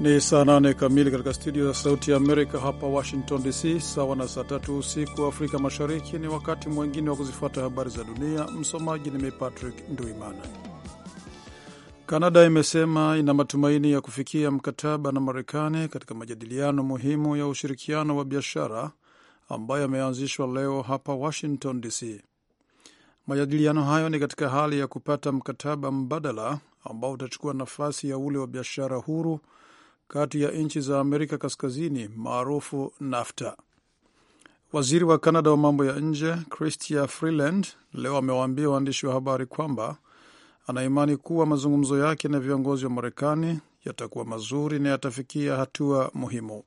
Ni saa nane kamili katika studio za Sauti ya Amerika hapa Washington DC, sawa na saa tatu usiku Afrika Mashariki. Ni wakati mwingine wa kuzifuata habari za dunia. Msomaji ni mimi Patrick Nduimana. Kanada imesema ina matumaini ya kufikia mkataba na Marekani katika majadiliano muhimu ya ushirikiano wa biashara ambayo yameanzishwa leo hapa Washington DC. Majadiliano hayo ni katika hali ya kupata mkataba mbadala ambao utachukua nafasi ya ule wa biashara huru kati ya nchi za Amerika Kaskazini maarufu NAFTA. Waziri wa Kanada wa mambo ya nje Chrystia Freeland leo amewaambia waandishi wa habari kwamba anaimani kuwa mazungumzo yake na viongozi wa Marekani yatakuwa mazuri na yatafikia hatua muhimu.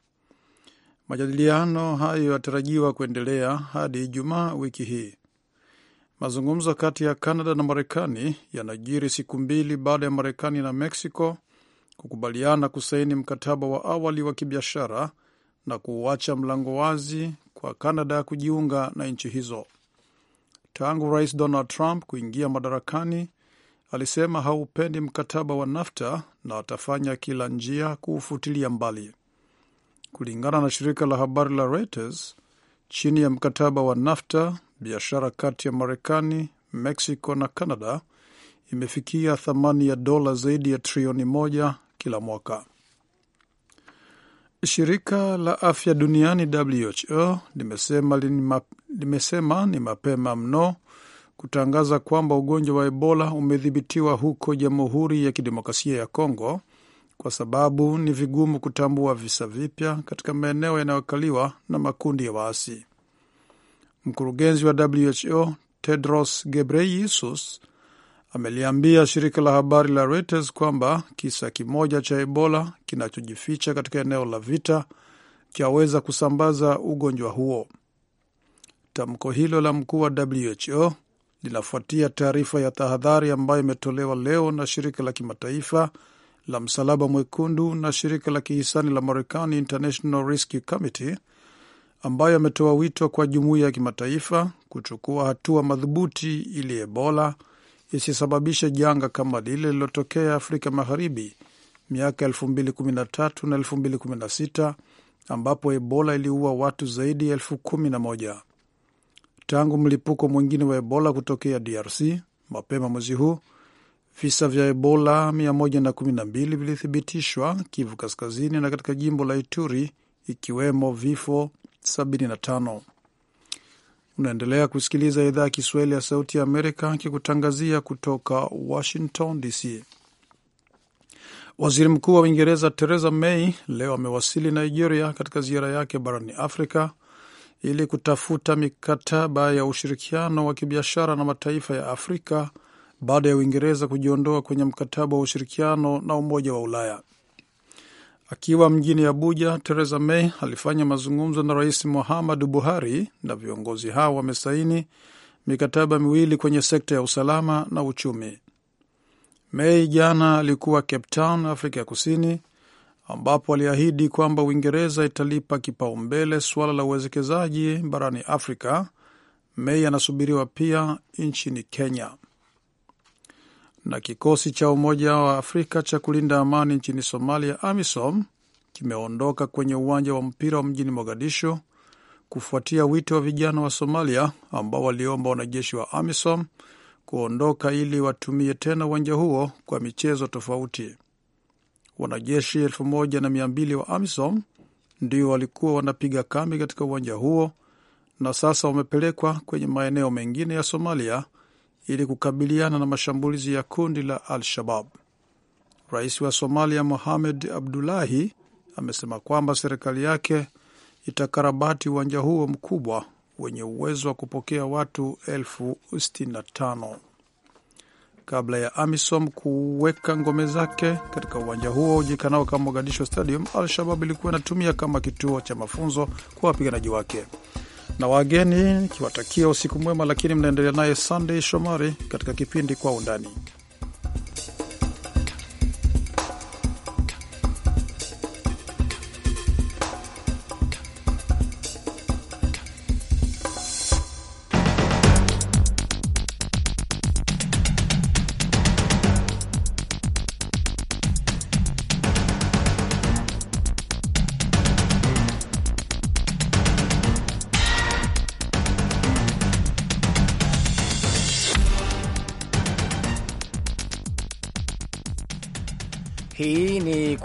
Majadiliano hayo yatarajiwa kuendelea hadi Ijumaa wiki hii. Mazungumzo kati ya Canada na Marekani yanajiri siku mbili baada ya Marekani na Mexico kukubaliana kusaini mkataba wa awali wa kibiashara na kuuacha mlango wazi kwa Canada kujiunga na nchi hizo. Tangu Rais Donald Trump kuingia madarakani, alisema haupendi mkataba wa NAFTA na atafanya kila njia kuufutilia mbali. Kulingana na shirika la habari la Reuters, chini ya mkataba wa NAFTA biashara kati ya Marekani, Mexico na Canada imefikia thamani ya dola zaidi ya trilioni moja kila mwaka. Shirika la afya duniani WHO limesema, lima, limesema ni mapema mno kutangaza kwamba ugonjwa wa Ebola umedhibitiwa huko Jamhuri ya Kidemokrasia ya Kongo kwa sababu ni vigumu kutambua visa vipya katika maeneo yanayokaliwa na makundi ya waasi. Mkurugenzi wa WHO Tedros Gebreyesus ameliambia shirika la habari la Reuters kwamba kisa kimoja cha Ebola kinachojificha katika eneo la vita chaweza kusambaza ugonjwa huo. Tamko hilo la mkuu wa WHO linafuatia taarifa ya tahadhari ambayo imetolewa leo na shirika la kimataifa la Msalaba Mwekundu na shirika la kihisani la Marekani International Rescue Committee ambayo ametoa wito kwa jumuiya ya kimataifa kuchukua hatua madhubuti ili Ebola isisababishe janga kama lile lililotokea Afrika Magharibi miaka 2013 na 2016 ambapo Ebola iliua watu zaidi ya elfu kumi na moja. Tangu mlipuko mwingine wa Ebola kutokea DRC mapema mwezi huu, visa vya Ebola 112 vilithibitishwa Kivu Kaskazini na katika jimbo la Ituri, ikiwemo vifo 75. Unaendelea kusikiliza idhaa ya Kiswahili ya Sauti ya Amerika akikutangazia kutoka Washington DC. Waziri Mkuu wa Uingereza Theresa May leo amewasili Nigeria katika ziara yake barani Afrika ili kutafuta mikataba ya ushirikiano wa kibiashara na mataifa ya Afrika baada ya Uingereza kujiondoa kwenye mkataba wa ushirikiano na Umoja wa Ulaya. Akiwa mjini Abuja, Theresa May alifanya mazungumzo na Rais Muhammadu Buhari na viongozi hao wamesaini mikataba miwili kwenye sekta ya usalama na uchumi. May jana alikuwa Cape Town, Afrika ya Kusini, ambapo aliahidi kwamba Uingereza italipa kipaumbele suala la uwezekezaji barani Afrika. May anasubiriwa pia nchini Kenya na kikosi cha Umoja wa Afrika cha kulinda amani nchini Somalia, AMISOM, kimeondoka kwenye uwanja wa mpira wa mjini Mogadisho kufuatia wito wa vijana wa Somalia ambao waliomba wanajeshi wa AMISOM kuondoka ili watumie tena uwanja huo kwa michezo tofauti. Wanajeshi elfu moja na mia mbili wa AMISOM ndio walikuwa wanapiga kambi katika uwanja huo na sasa wamepelekwa kwenye maeneo mengine ya Somalia ili kukabiliana na mashambulizi ya kundi la Al-Shabab. Rais wa Somalia Mohamed Abdullahi amesema kwamba serikali yake itakarabati uwanja huo mkubwa wenye uwezo wa kupokea watu elfu sitini na tano kabla ya AMISOM kuweka ngome zake katika uwanja huo ujulikanao kama Mogadisho Stadium. Al-Shabab ilikuwa inatumia kama kituo cha mafunzo kwa wapiganaji wake na wageni, nikiwatakia usiku mwema, lakini mnaendelea naye Sunday Shomari katika kipindi Kwa Undani.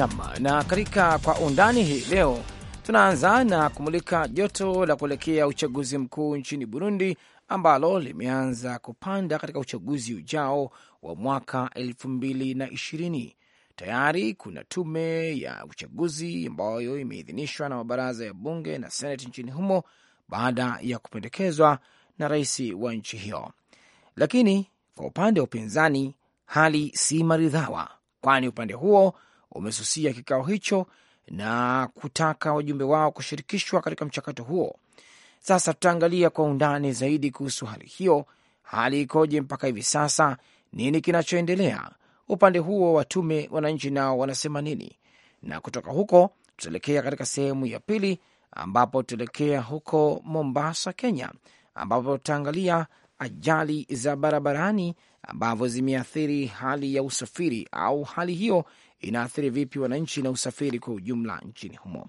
Nam, na katika kwa undani hii leo tunaanza na kumulika joto la kuelekea uchaguzi mkuu nchini Burundi ambalo limeanza kupanda katika uchaguzi ujao wa mwaka elfu mbili na ishirini. Tayari kuna tume ya uchaguzi ambayo imeidhinishwa na mabaraza ya bunge na seneti nchini humo baada ya kupendekezwa na rais wa nchi hiyo. Lakini kwa upande wa upinzani hali si maridhawa, kwani upande huo umesusia kikao hicho na kutaka wajumbe wao kushirikishwa katika mchakato huo. Sasa tutaangalia kwa undani zaidi kuhusu hali hiyo. Hali ikoje mpaka hivi sasa? Nini kinachoendelea? Upande huo wa tume, wananchi nao wanasema nini? Na kutoka huko tutaelekea katika sehemu ya pili, ambapo tutaelekea huko Mombasa, Kenya, ambapo tutaangalia ajali za barabarani ambavyo zimeathiri hali ya usafiri au hali hiyo inaathiri vipi wananchi na usafiri kwa ujumla nchini humo.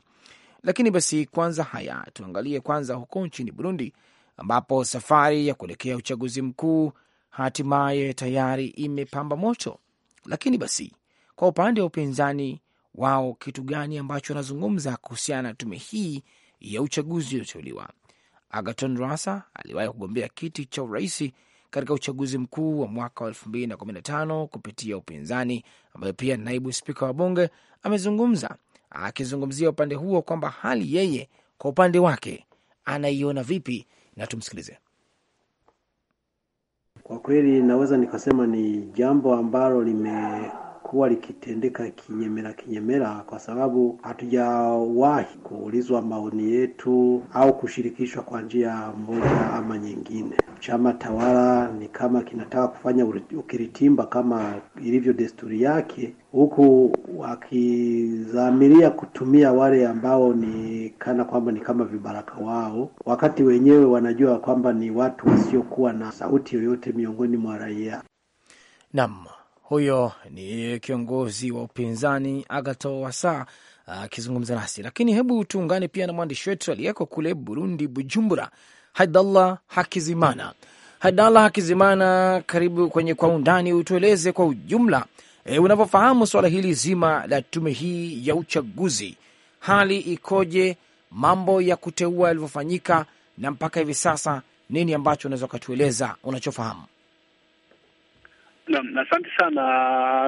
Lakini basi kwanza, haya tuangalie kwanza huko nchini Burundi, ambapo safari ya kuelekea uchaguzi mkuu hatimaye tayari imepamba moto. Lakini basi kwa upande wa upinzani wao, kitu gani ambacho wanazungumza kuhusiana na tume hii ya uchaguzi iliyoteuliwa? Agaton Rasa aliwahi kugombea kiti cha uraisi katika uchaguzi mkuu wa mwaka wa 2015 kupitia upinzani, ambayo pia naibu spika wa bunge amezungumza akizungumzia upande huo kwamba hali yeye kwa upande wake anaiona vipi, na tumsikilize. Kwa kweli naweza nikasema ni jambo ambalo lime limekuwa likitendeka kinyemera kinyemera, kwa sababu hatujawahi kuulizwa maoni yetu au kushirikishwa kwa njia moja ama nyingine. Chama tawala ni kama kinataka kufanya ukiritimba kama ilivyo desturi yake, huku wakizamiria kutumia wale ambao ni kana kwamba ni kama vibaraka wao, wakati wenyewe wanajua kwamba ni watu wasiokuwa na sauti yoyote miongoni mwa raia. Naam. Huyo ni kiongozi wa upinzani agato Wasa ah, akizungumza nasi. Lakini hebu tuungane pia na mwandishi wetu aliyeko kule Burundi, Bujumbura, Haidallah Hakizimana. Haidallah Hakizimana, karibu kwenye Kwa Undani. Utueleze kwa ujumla e, unavyofahamu swala hili zima la tume hii ya uchaguzi, hali ikoje? Mambo ya kuteua yalivyofanyika na mpaka hivi sasa, nini ambacho unaweza ukatueleza unachofahamu? Naam, asante sana.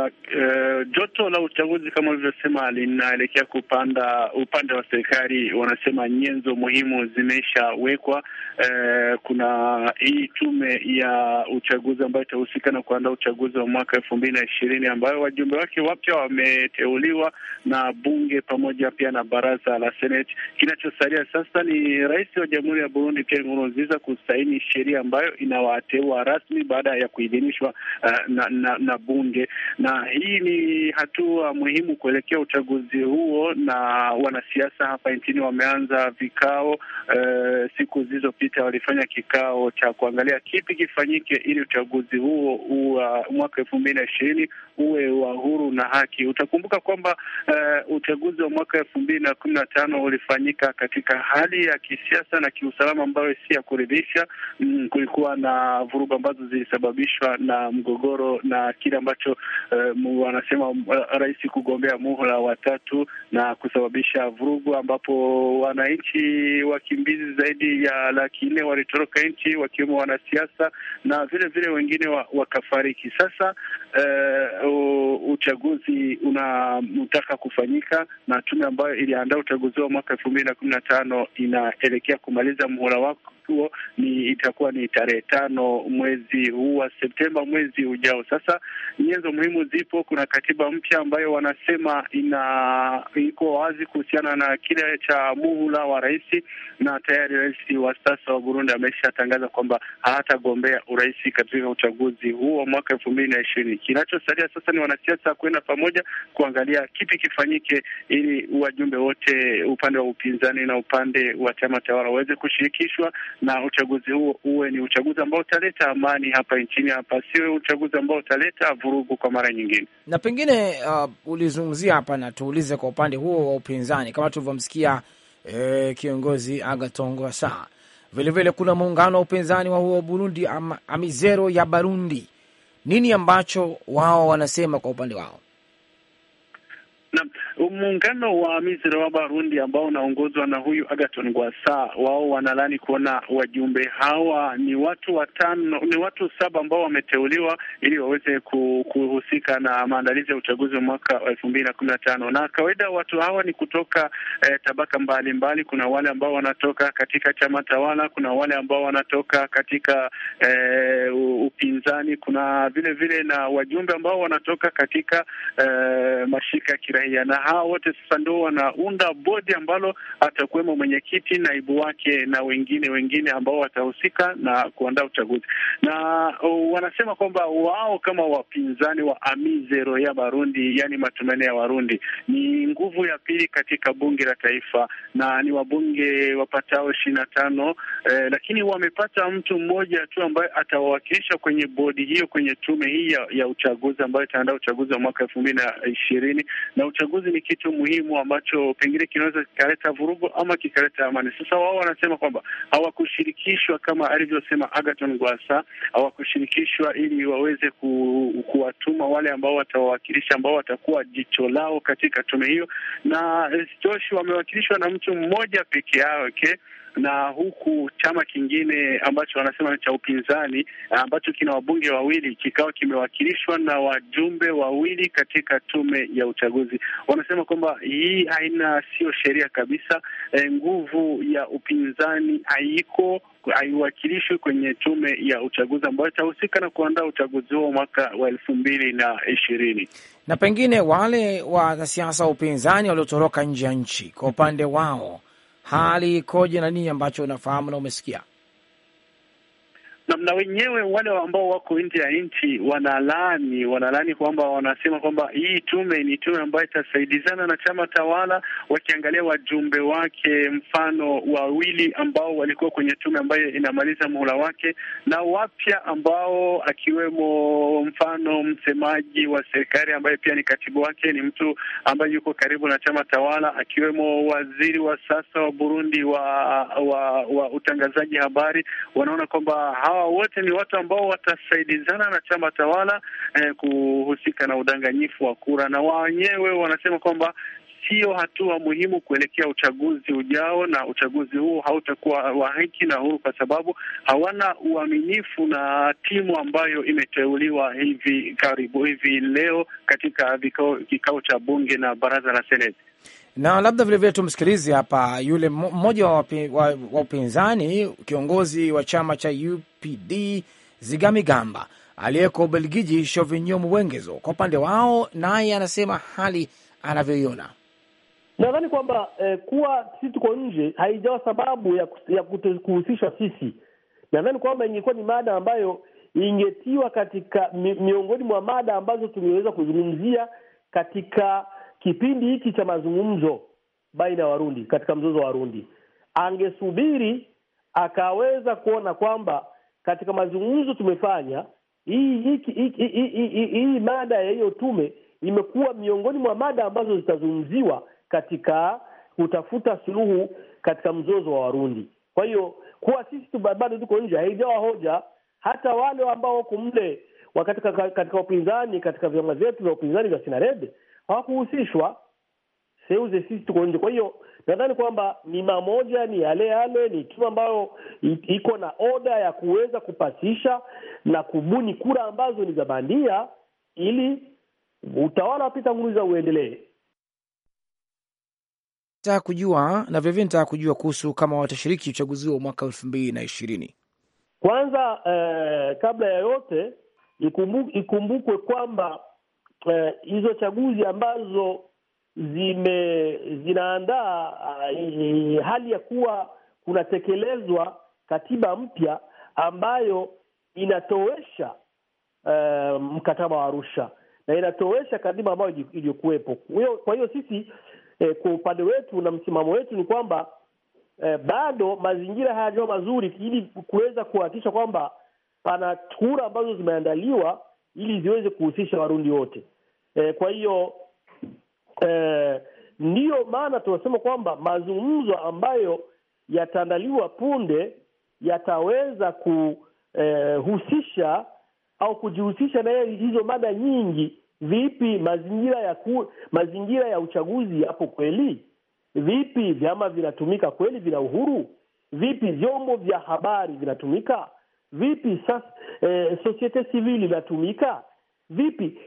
Uh, joto la uchaguzi kama ulivyosema linaelekea kupanda. Upande wa serikali wanasema nyenzo muhimu zimeshawekwa. Uh, kuna hii tume ya uchaguzi ambayo itahusika na kuandaa uchaguzi wa mwaka elfu mbili na ishirini ambayo wajumbe wake wapya wameteuliwa na bunge pamoja pia na baraza la seneti. Kinachosalia sasa ni rais wa Jamhuri ya Burundi Pierre Nkurunziza kusaini sheria ambayo inawateua rasmi baada ya kuidhinishwa uh, na, na, na bunge, na hii ni hatua muhimu kuelekea uchaguzi huo, na wanasiasa hapa nchini wameanza vikao e, siku zilizopita walifanya kikao cha kuangalia kipi kifanyike ili uchaguzi huo uwa, mwaka elfu mbili na ishirini uwe wa huru na haki. Utakumbuka kwamba e, uchaguzi wa mwaka elfu mbili na kumi na tano ulifanyika katika hali ya kisiasa na kiusalama ambayo si ya kuridhisha. Mm, kulikuwa na vurugu ambazo zilisababishwa na mgogoro migogoro na kile ambacho uh, wanasema uh, rais kugombea muhula watatu na kusababisha vurugu, ambapo wananchi wakimbizi zaidi ya laki nne walitoroka nchi wakiwemo wanasiasa na vile vile wengine wakafariki. Sasa uh, uchaguzi unataka kufanyika na tume ambayo iliandaa uchaguzi wa mwaka elfu mbili na kumi na tano inaelekea kumaliza muhula wako huo ni itakuwa ni tarehe tano mwezi huu wa Septemba, mwezi ujao. Sasa nyenzo muhimu zipo. Kuna katiba mpya ambayo wanasema ina iko wazi kuhusiana na kile cha muhula wa rais, na tayari rais wa sasa wa Burundi ameshatangaza kwamba hatagombea urais katika uchaguzi huu wa mwaka elfu mbili na ishirini. Kinachosalia sasa ni wanasiasa kwenda pamoja kuangalia kipi kifanyike ili wajumbe wote upande wa upinzani na upande wa chama tawala waweze kushirikishwa na uchaguzi huo uwe ni uchaguzi ambao utaleta amani hapa nchini hapa, sio uchaguzi ambao utaleta vurugu kwa mara nyingine. Na pengine uh, ulizungumzia hapa na tuulize kwa upande huo wa upinzani, kama tulivyomsikia eh, kiongozi Agathon Rwasa. Vilevile kuna muungano wa upinzani wa huo Burundi ama, Amizero ya Barundi. Nini ambacho wao wanasema kwa upande wao? na, Muungano wa Misri wa Barundi ambao unaongozwa na huyu agaton Gwasa, wao wanalani kuona wajumbe hawa ni watu watano, ni watu saba ambao wameteuliwa ili waweze kuhusika na maandalizi ya uchaguzi wa mwaka wa elfu mbili na kumi na tano. Na kawaida watu hawa ni kutoka eh, tabaka mbalimbali mbali. Kuna wale ambao wanatoka katika chama tawala, kuna wale ambao wanatoka katika eh, upinzani, kuna vile vile na wajumbe ambao wanatoka katika eh, mashirika ya kiraia na hawa wote sasa ndio wanaunda bodi ambalo atakuwemo mwenyekiti, naibu wake na wengine wengine ambao watahusika na kuandaa uchaguzi. Na uh, wanasema kwamba wao kama wapinzani wa Amizero ya Barundi, yani matumaini ya Warundi, ni nguvu ya pili katika bunge la taifa na ni wabunge wapatao ishirini na tano eh, lakini wamepata mtu mmoja tu ambaye atawawakilisha kwenye bodi hiyo, kwenye tume hii ya, ya uchaguzi ambayo itaandaa uchaguzi wa mwaka elfu mbili na ishirini na uchaguzi ni kitu muhimu ambacho pengine kinaweza kikaleta vurugu ama kikaleta amani. Sasa wao wanasema kwamba hawakushirikishwa kama alivyosema agaton Gwasa, hawakushirikishwa ili waweze ku, kuwatuma wale ambao watawawakilisha ambao watakuwa jicho lao katika tume hiyo, na isitoshe eh, wamewakilishwa na mtu mmoja peke yake okay? na huku chama kingine ambacho wanasema ni cha upinzani eh, ambacho kina wabunge wawili kikawa kimewakilishwa na wajumbe wawili katika tume ya uchaguzi. Wanasema kwamba hii haina, sio sheria kabisa. E, nguvu ya upinzani haiko haiwakilishwi kwenye tume ya uchaguzi ambayo itahusika na kuandaa uchaguzi huo mwaka wa elfu mbili na ishirini. Na pengine wale wanasiasa wa upinzani waliotoroka nje ya nchi kwa upande wao hali ikoje na nini ambacho unafahamu na umesikia? mna wenyewe wale ambao wako nje ya nchi wanalani wanalani kwamba wanasema kwamba hii tume ni tume ambayo itasaidizana na chama tawala, wakiangalia wajumbe wake, mfano wawili ambao walikuwa kwenye tume ambayo inamaliza muhula wake na wapya ambao akiwemo mfano msemaji wa serikali ambaye pia ni katibu wake, ni mtu ambaye yuko karibu na chama tawala, akiwemo waziri wa sasa wa Burundi wa, wa, wa utangazaji habari, wanaona kwamba hawa wote ni watu ambao watasaidizana na chama tawala eh, kuhusika na udanganyifu wa kura, na wenyewe wanasema kwamba sio hatua muhimu kuelekea uchaguzi ujao, na uchaguzi huo hautakuwa wa haki na huru, kwa sababu hawana uaminifu na timu ambayo imeteuliwa hivi karibu hivi leo katika vikao, kikao cha bunge na baraza la seneti na labda vilevile tumsikilize hapa yule mmoja wa upinzani kiongozi wa chama cha UPD Zigamigamba aliyeko Ubelgiji Shovinyo Mwengezo, kwa upande wao naye anasema hali anavyoiona. Nadhani kwamba eh, kuwa sisi tuko nje haijawa sababu ya, ya kuhusishwa sisi. Nadhani kwamba ingekuwa ni mada ambayo ingetiwa katika miongoni mwa mada ambazo tungeweza kuzungumzia katika kipindi hiki cha mazungumzo baina ya Warundi katika mzozo wa Warundi, angesubiri akaweza kuona kwamba katika mazungumzo tumefanya hii hii mada ya hiyo tume imekuwa miongoni mwa mada ambazo zitazungumziwa katika kutafuta suluhu katika mzozo wa Warundi. Kwa hiyo kuwa sisi tu bado tuko nje haijawa hoja, hata wale ambao wako mle wakati katika upinzani katika vyama vyetu vya upinzani vya Sinarede hawakuhusishwa, seuze sisi tuko nje. Kwa hiyo nadhani kwamba ni mamoja ni yale yale, ni timu ambayo iko na oda ya kuweza kupasisha na kubuni kura ambazo ni za bandia ili utawala wa pita Nguruza uendelee. Nataka kujua na vilevile nataka kujua kuhusu kama watashiriki uchaguzi wa mwaka elfu mbili na ishirini. Kwanza eh, kabla ya yote ikumbu, ikumbukwe kwamba Eh, hizo chaguzi ambazo zime zinaandaa uh, hali ya kuwa kunatekelezwa katiba mpya ambayo inatowesha uh, mkataba wa Arusha na inatowesha katiba ambayo iliyokuwepo. Kwa hiyo sisi eh, kwa upande wetu na msimamo wetu ni kwamba eh, bado mazingira hayajawa mazuri ili kuweza kuhakikisha kwamba pana kura ambazo zimeandaliwa ili ziweze kuhusisha Warundi wote. E, kwa hiyo e, ndiyo maana tunasema kwamba mazungumzo ambayo yataandaliwa punde yataweza kuhusisha eh, au kujihusisha na hizo mada nyingi. Vipi mazingira ya ku, mazingira ya uchaguzi yapo kweli? Vipi vyama vinatumika kweli, vina uhuru? Vipi vyombo vya habari vinatumika? Vipi sas, eh, societe civil inatumika vipi?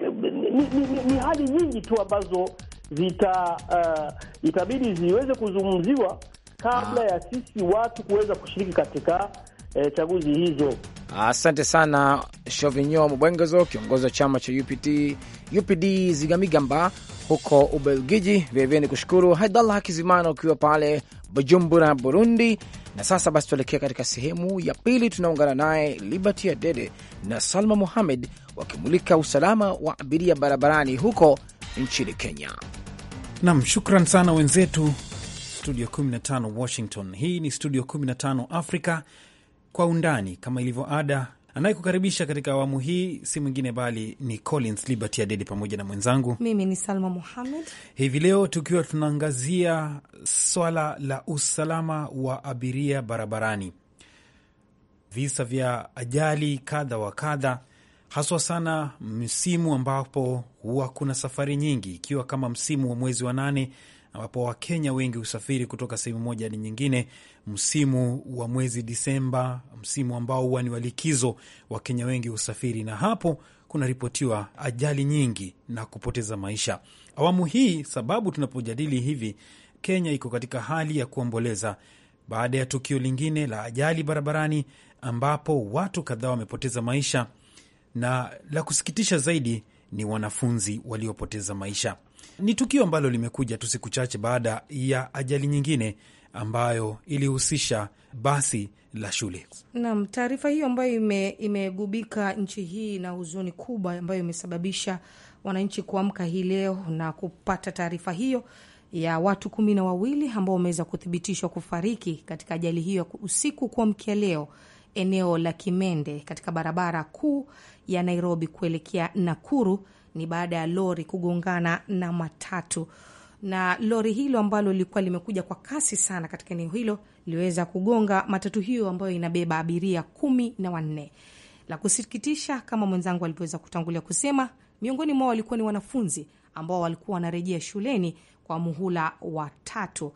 ni, ni, ni, ni hali nyingi tu ambazo zita uh, itabidi ziweze kuzungumziwa kabla ya sisi watu kuweza kushiriki katika eh, chaguzi hizo. Asante sana Shovinyo Mbwengezo, kiongozi wa chama cha UPD, UPD Zigamigamba huko Ubelgiji. Vilevile ni kushukuru Haidallah Hakizimana ukiwa pale Bujumbura, Burundi, na sasa basi, tuelekea katika sehemu ya pili. Tunaungana naye Liberty Adede na Salma Muhamed wakimulika usalama wa abiria barabarani huko nchini Kenya. Nam, shukran sana wenzetu studio 15 Washington. Hii ni studio 15 Africa kwa undani, kama ilivyo ada Anayekukaribisha katika awamu hii si mwingine bali ni Collins Liberty Adede pamoja na mwenzangu mimi ni Salma Muhamed, hivi leo tukiwa tunaangazia swala la usalama wa abiria barabarani. Visa vya ajali kadha wa kadha, haswa sana msimu ambapo huwa kuna safari nyingi, ikiwa kama msimu wa mwezi wa nane ambapo Wakenya wengi husafiri kutoka sehemu moja hadi nyingine msimu wa mwezi Disemba, msimu ambao huwa ni walikizo. Wakenya wengi husafiri na hapo kunaripotiwa ajali nyingi na kupoteza maisha awamu hii, sababu tunapojadili hivi, Kenya iko katika hali ya kuomboleza baada ya tukio lingine la ajali barabarani ambapo watu kadhaa wamepoteza maisha, na la kusikitisha zaidi ni wanafunzi waliopoteza maisha. Ni tukio ambalo limekuja tu siku chache baada ya ajali nyingine ambayo ilihusisha basi la shule. Naam, taarifa hiyo ambayo ime, imegubika nchi hii na huzuni kubwa ambayo imesababisha wananchi kuamka hii leo na kupata taarifa hiyo ya watu kumi na wawili ambao wameweza kuthibitishwa kufariki katika ajali hiyo usiku kuamkia leo eneo la Kimende katika barabara kuu ya Nairobi kuelekea Nakuru ni baada ya lori kugongana na matatu na lori hilo ambalo lilikuwa limekuja kwa kasi sana katika eneo hilo liliweza kugonga matatu hiyo ambayo inabeba abiria kumi na wanne. La kusikitisha, kama mwenzangu alivyoweza kutangulia kusema, miongoni mwao walikuwa ni wanafunzi ambao walikuwa wanarejea shuleni kwa muhula wa tatu.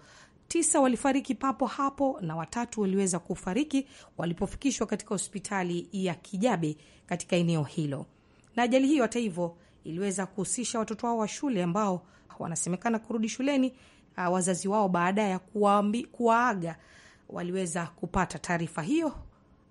Tisa walifariki papo hapo na watatu waliweza kufariki walipofikishwa katika hospitali ya Kijabe katika eneo hilo. Na ajali hiyo hata hivyo iliweza kuhusisha watoto wao wa shule ambao wanasemekana kurudi shuleni uh, wazazi wao baada ya kuwaambi, kuwaaga waliweza kupata taarifa hiyo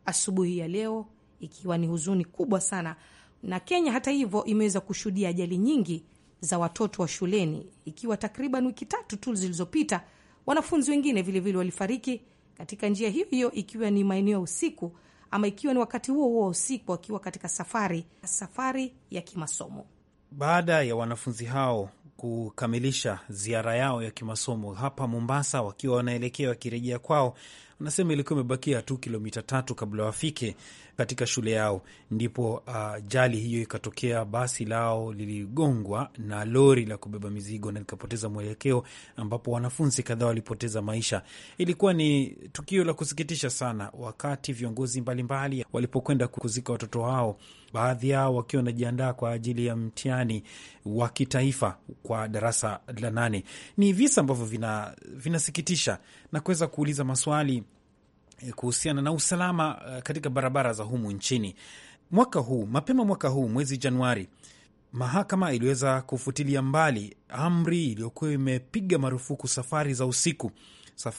asubuhi ya leo, ikiwa ni huzuni kubwa sana. Na Kenya hata hivyo imeweza kushuhudia ajali nyingi za watoto wa shuleni, ikiwa takriban wiki tatu tu zilizopita wanafunzi wengine vilevile walifariki katika njia hiyo hiyo, ikiwa ni maeneo ya usiku ama ikiwa ni wakati huo huo wa usiku, wakiwa katika safari safari ya kimasomo baada ya wanafunzi hao kukamilisha ziara yao ya kimasomo hapa Mombasa, wakiwa wanaelekea wakirejea kwao, anasema ilikuwa imebakia tu kilomita tatu kabla wafike katika shule yao, ndipo uh, hiyo ikatokea. Basi lao liligongwa na lori la kubeba mizigo na likapoteza mwelekeo, ambapo wanafunzi kadhaa walipoteza maisha. Ilikuwa ni tukio la kusikitisha sana, wakati viongozi mbalimbali walipokwenda kuzika watoto wao baadhi yao wakiwa wanajiandaa kwa ajili ya mtihani wa kitaifa kwa darasa la nane. Ni visa ambavyo vinasikitisha vina na kuweza kuuliza maswali kuhusiana na usalama eh, katika barabara za humu nchini. Mwaka huu mapema mwaka huu mwezi Januari, mahakama iliweza kufutilia mbali amri iliyokuwa imepiga marufuku safari za usiku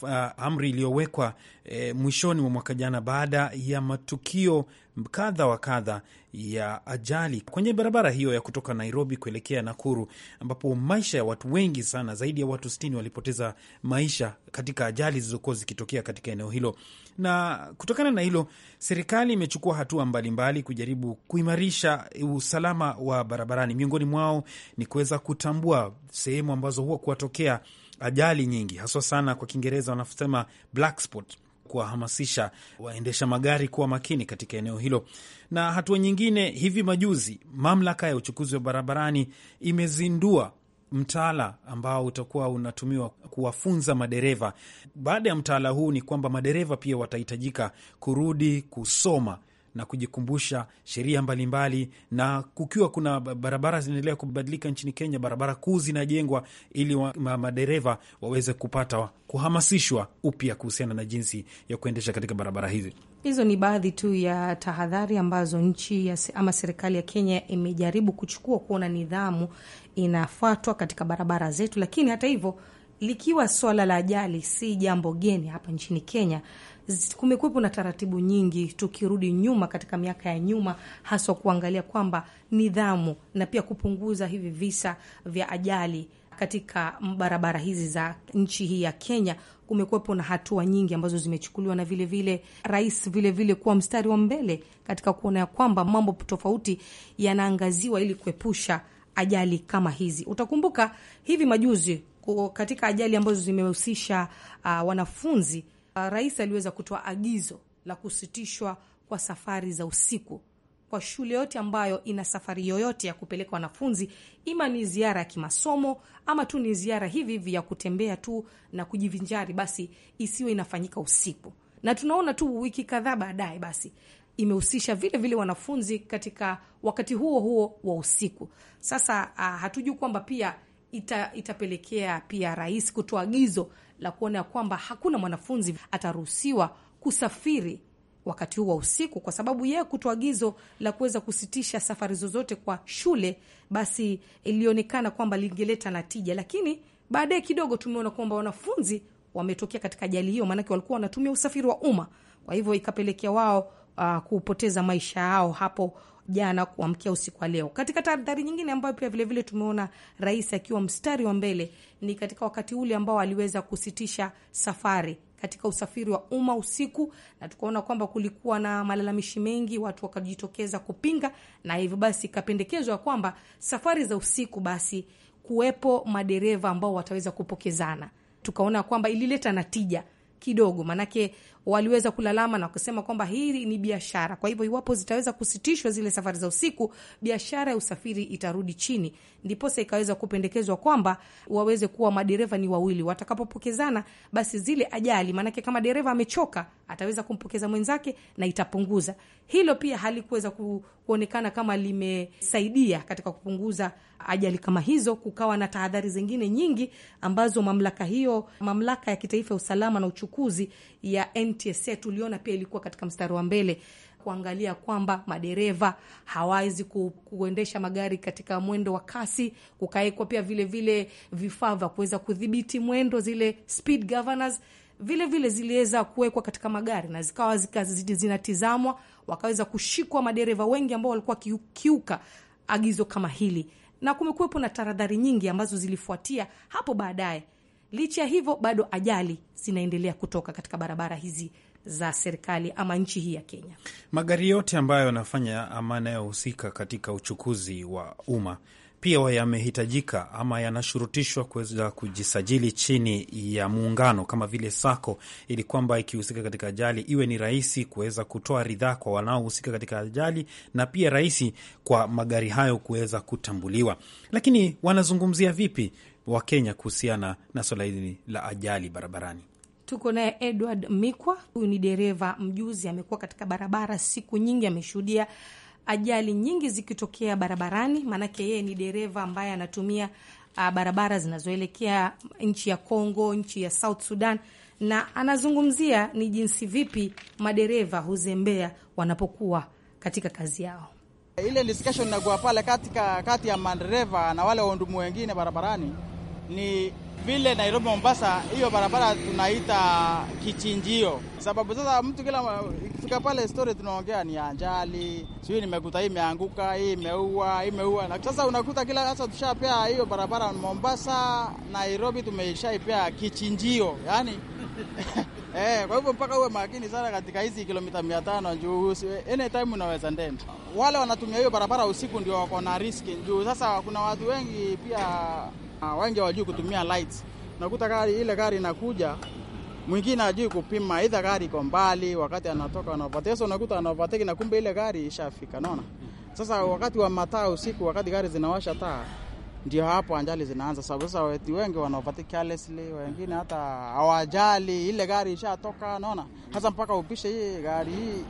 uh, amri iliyowekwa eh, mwishoni mwa mwaka jana baada ya matukio kadha wa kadha ya ajali kwenye barabara hiyo ya kutoka Nairobi kuelekea Nakuru, ambapo maisha ya watu wengi sana, zaidi ya watu sitini walipoteza maisha katika ajali zilizokuwa zikitokea katika eneo hilo. Na kutokana na hilo, serikali imechukua hatua mbalimbali mbali kujaribu kuimarisha usalama wa barabarani. Miongoni mwao ni kuweza kutambua sehemu ambazo huwa kuwatokea ajali nyingi haswa sana, kwa Kiingereza wanasema black spot, kuwahamasisha waendesha magari kuwa makini katika eneo hilo. Na hatua nyingine, hivi majuzi mamlaka ya uchukuzi wa barabarani imezindua mtaala ambao utakuwa unatumiwa kuwafunza madereva. Baada ya mtaala huu, ni kwamba madereva pia watahitajika kurudi kusoma na kujikumbusha sheria mbalimbali, na kukiwa kuna barabara zinaendelea kubadilika nchini Kenya, barabara kuu zinajengwa ili wa, ma, madereva waweze kupata kuhamasishwa upya kuhusiana na jinsi ya kuendesha katika barabara hizi. Hizo ni baadhi tu ya tahadhari ambazo nchi ya, ama serikali ya Kenya imejaribu kuchukua kuona nidhamu inafuatwa katika barabara zetu, lakini hata hivyo likiwa swala la ajali si jambo geni hapa nchini Kenya kumekuwepo na taratibu nyingi, tukirudi nyuma katika miaka ya nyuma, haswa kuangalia kwamba nidhamu na pia kupunguza hivi visa vya ajali katika barabara hizi za nchi hii ya Kenya kumekuwepo na hatua nyingi ambazo zimechukuliwa na vilevile vile, rais vilevile vile kuwa mstari wa mbele katika kuona ya kwamba mambo tofauti yanaangaziwa ili kuepusha ajali kama hizi. Utakumbuka hivi majuzi katika ajali ambazo zimehusisha uh, wanafunzi Uh, rais aliweza kutoa agizo la kusitishwa kwa safari za usiku kwa shule yote ambayo ina safari yoyote ya kupeleka wanafunzi, ima ni ziara ya kimasomo ama tu ni ziara hivi hivi ya kutembea tu na kujivinjari, basi isiwe inafanyika usiku. Na tunaona tu wiki kadhaa baadaye, basi imehusisha vile vile wanafunzi katika wakati huo huo wa usiku. Sasa uh, hatujui kwamba pia ita, itapelekea pia rais kutoa agizo la kuona ya kwamba hakuna mwanafunzi ataruhusiwa kusafiri wakati huu wa usiku, kwa sababu yeye kutoa agizo la kuweza kusitisha safari zozote kwa shule, basi ilionekana kwamba lingeleta natija, lakini baadaye kidogo tumeona kwamba wanafunzi wametokea katika ajali hiyo, maanake walikuwa wanatumia usafiri wa umma, kwa hivyo ikapelekea wao uh, kupoteza maisha yao hapo jana kuamkia usiku wa leo. Katika tahadhari nyingine ambayo pia vilevile tumeona rais akiwa mstari wa mbele ni katika wakati ule ambao aliweza kusitisha safari katika usafiri wa umma usiku, na tukaona kwamba kulikuwa na malalamishi mengi, watu wakajitokeza kupinga, na hivyo basi ikapendekezwa kwamba safari za usiku basi kuwepo madereva ambao wataweza kupokezana. Tukaona kwamba ilileta natija kidogo, maanake waliweza kulalama na kusema kwamba hili ni biashara. Kwa hivyo iwapo zitaweza kusitishwa zile safari za usiku, biashara ya usafiri itarudi chini. Ndiposa ikaweza kupendekezwa kwamba waweze kuwa madereva ni wawili, watakapopokezana basi zile ajali, maanake kama dereva amechoka ataweza kumpokeza mwenzake na itapunguza hilo. Pia halikuweza kuonekana kama limesaidia katika kupunguza ajali kama hizo, kukawa na tahadhari zingine nyingi ambazo mamlaka hiyo, mamlaka ya kitaifa ya usalama na uchukuzi ya NTSA, tuliona pia ilikuwa katika mstari wa mbele kuangalia kwamba madereva hawawezi kuendesha magari katika mwendo wa kasi. Kukawekwa pia vilevile vifaa vya kuweza kudhibiti mwendo, zile speed governors vile ziliweza kuwekwa katika magari na zikawa zinatizamwa, wakaweza kushikwa madereva wengi ambao walikuwa wakikiuka agizo kama hili na kumekuwepo na taradhari nyingi ambazo zilifuatia hapo baadaye. Licha ya hivyo, bado ajali zinaendelea kutoka katika barabara hizi za serikali ama nchi hii ya Kenya. Magari yote ambayo yanafanya ama yanayohusika katika uchukuzi wa umma pia yamehitajika ama yanashurutishwa kuweza kujisajili chini ya muungano kama vile SACCO, ili kwamba ikihusika katika ajali iwe ni rahisi kuweza kutoa ridhaa kwa wanaohusika katika ajali na pia rahisi kwa magari hayo kuweza kutambuliwa. Lakini wanazungumzia vipi Wakenya kuhusiana na swala hili la ajali barabarani? Tuko naye Edward Mikwa, huyu ni dereva mjuzi, amekuwa katika barabara siku nyingi, ameshuhudia ajali nyingi zikitokea barabarani, maanake yeye ni dereva ambaye anatumia uh, barabara zinazoelekea nchi ya congo nchi ya South Sudan, na anazungumzia ni jinsi vipi madereva huzembea wanapokuwa katika kazi yao. Ile discussion inakuwa pale katika kati ya madereva na wale wahudumu wengine barabarani ni vile Nairobi Mombasa, hiyo barabara tunaita kichinjio, sababu sasa mtu kila ikifika pale story tunaongea ni ajali, sijui nimekuta hii imeanguka, hii imeua, hii imeua. Na sasa unakuta kila sasa tushapea hiyo barabara Mombasa Nairobi, tumeshaipea kichinjio yani Eh, kwa hivyo mpaka uwe makini sana katika hizi kilomita 500 tano juu anytime unaweza ndenda. Wale wanatumia hiyo barabara usiku ndio wako na risk juu sasa kuna watu wengi pia Ah, wengi hawajui kutumia lights. Unakuta gari ile gari inakuja, mwingine ajui kupima, aidha gari iko mbali, wakati anatoka anaovateki, sasa unakuta anaovateki na kumbe ile gari ishafika, naona. Sasa wakati wa mataa usiku, wakati gari zinawasha taa ndio hapo ajali zinaanza. Sababu sasa wetu wengi wanaovatia carelessly, wengine hata hawajali ile gari ishatoka, naona hasa mpaka upishe hii gari hii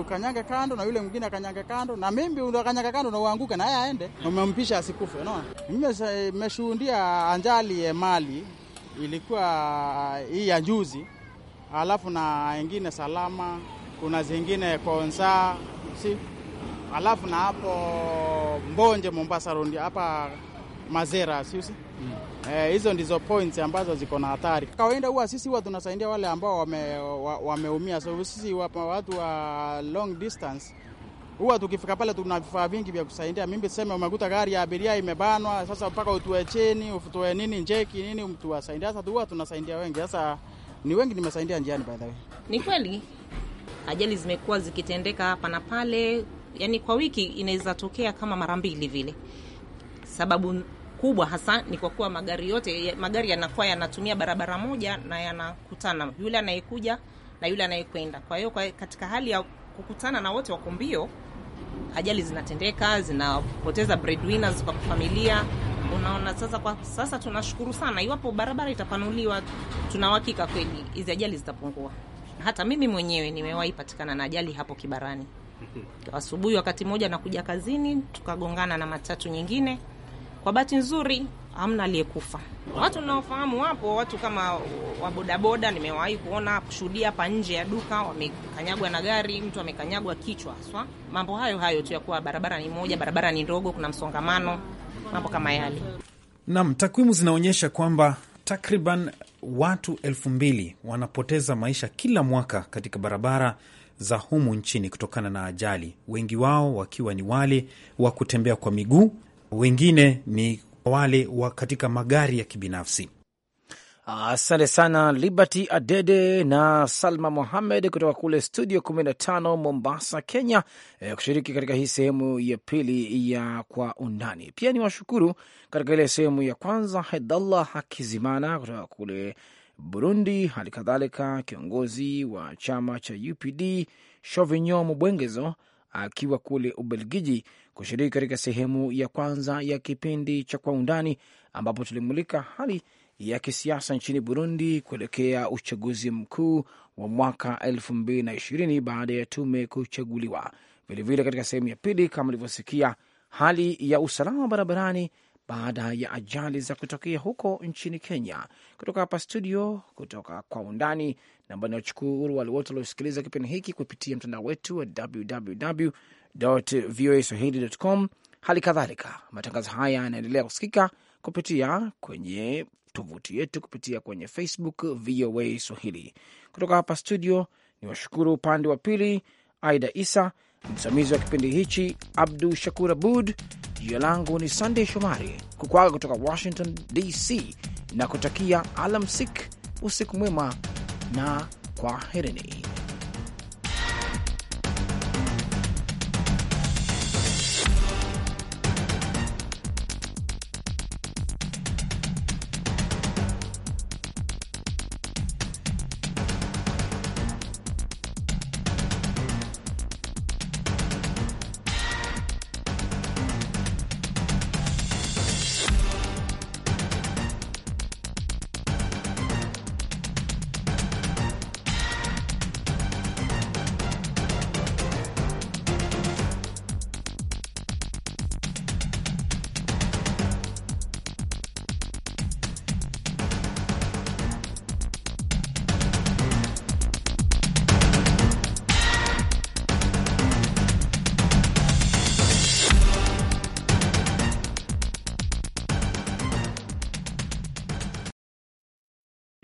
ukanyage kando na yule mwingine akanyage kando na mimi ndo unakanyaga kando na uanguke na yeye aende, umempisha asikufe. Naona mimi nimeshuhudia ajali ya mali ilikuwa hii ya juzi, alafu na wengine salama, kuna zingine konsa si alafu na hapo Mbonje Mombasa rundi hapa mazera sisi mm. eh, hizo mm. E, ndizo points ambazo ziko na hatari. Kawaida huwa sisi huwa tunasaidia wale ambao wameumia, wame so sisi watu wa long distance huwa tukifika pale tuna vifaa vingi vya kusaidia. Mimi sema umekuta gari ya abiria imebanwa, sasa mpaka utoe cheni utoe nini njeki nini mtu asaidia. Sasa huwa tunasaidia wengi, sasa ni wengi nimesaidia njiani. By the way, ni kweli ajali zimekuwa zikitendeka hapa na pale, yani kwa wiki inaweza tokea kama mara mbili vile, sababu kubwa hasa ni kwa kuwa magari yote magari yanakuwa yanatumia barabara moja na yanakutana, yule anayekuja na yule anayekwenda. Kwa hiyo katika hali ya kukutana na wote wako mbio, ajali zinatendeka, zinapoteza breadwinners kwa familia. Unaona, sasa kwa sasa tunashukuru sana, iwapo barabara itapanuliwa, tunahakika kweli hizi ajali zitapungua. Hata mimi mwenyewe nimewahi patikana na ajali hapo Kibarani asubuhi, wakati mmoja nakuja kazini, tukagongana na matatu nyingine kwa bahati nzuri hamna aliyekufa. Watu naofahamu wapo, watu kama wabodaboda, nimewahi kuona kushuhudia hapa nje ya duka, wamekanyagwa na gari, mtu amekanyagwa kichwa haswa. Mambo hayo hayo tu ya kuwa barabara ni moja, barabara ni ndogo, kuna msongamano, mambo kama yale. Naam, takwimu zinaonyesha kwamba takriban watu elfu mbili wanapoteza maisha kila mwaka katika barabara za humu nchini kutokana na ajali, wengi wao wakiwa ni wale wa kutembea kwa miguu wengine ni wale wa katika magari ya kibinafsi. Asante sana Liberty Adede na Salma Mohamed kutoka kule studio 15 Mombasa, Kenya, e, kushiriki katika hii sehemu ya pili ya Kwa Undani. Pia ni washukuru katika ile sehemu ya kwanza Hedallah Hakizimana kutoka kule Burundi, hali kadhalika kiongozi wa chama cha UPD Shovinyo Mubwengezo akiwa kule Ubelgiji kushiriki katika sehemu ya kwanza ya kipindi cha Kwa Undani, ambapo tulimulika hali ya kisiasa nchini Burundi kuelekea uchaguzi mkuu wa mwaka elfu mbili na ishirini baada ya tume kuchaguliwa. Vilevile katika sehemu ya pili, kama ulivyosikia, hali ya usalama barabarani baada ya ajali za kutokea huko nchini Kenya. Kutoka hapa studio, kutoka kwa undani, namba niwachukuru wale wote waliosikiliza kipindi hiki kupitia mtandao wetu wa www voa swahili.com. Hali kadhalika matangazo haya yanaendelea kusikika kupitia kwenye tovuti yetu, kupitia kwenye Facebook VOA Swahili. Kutoka hapa studio, ni washukuru upande wa pili Aida Isa Msimamizi wa kipindi hichi Abdu Shakur Abud. Jina langu ni Sandey Shomari kukwaga kutoka Washington DC na kutakia alamsik, usiku mwema na kwaherini.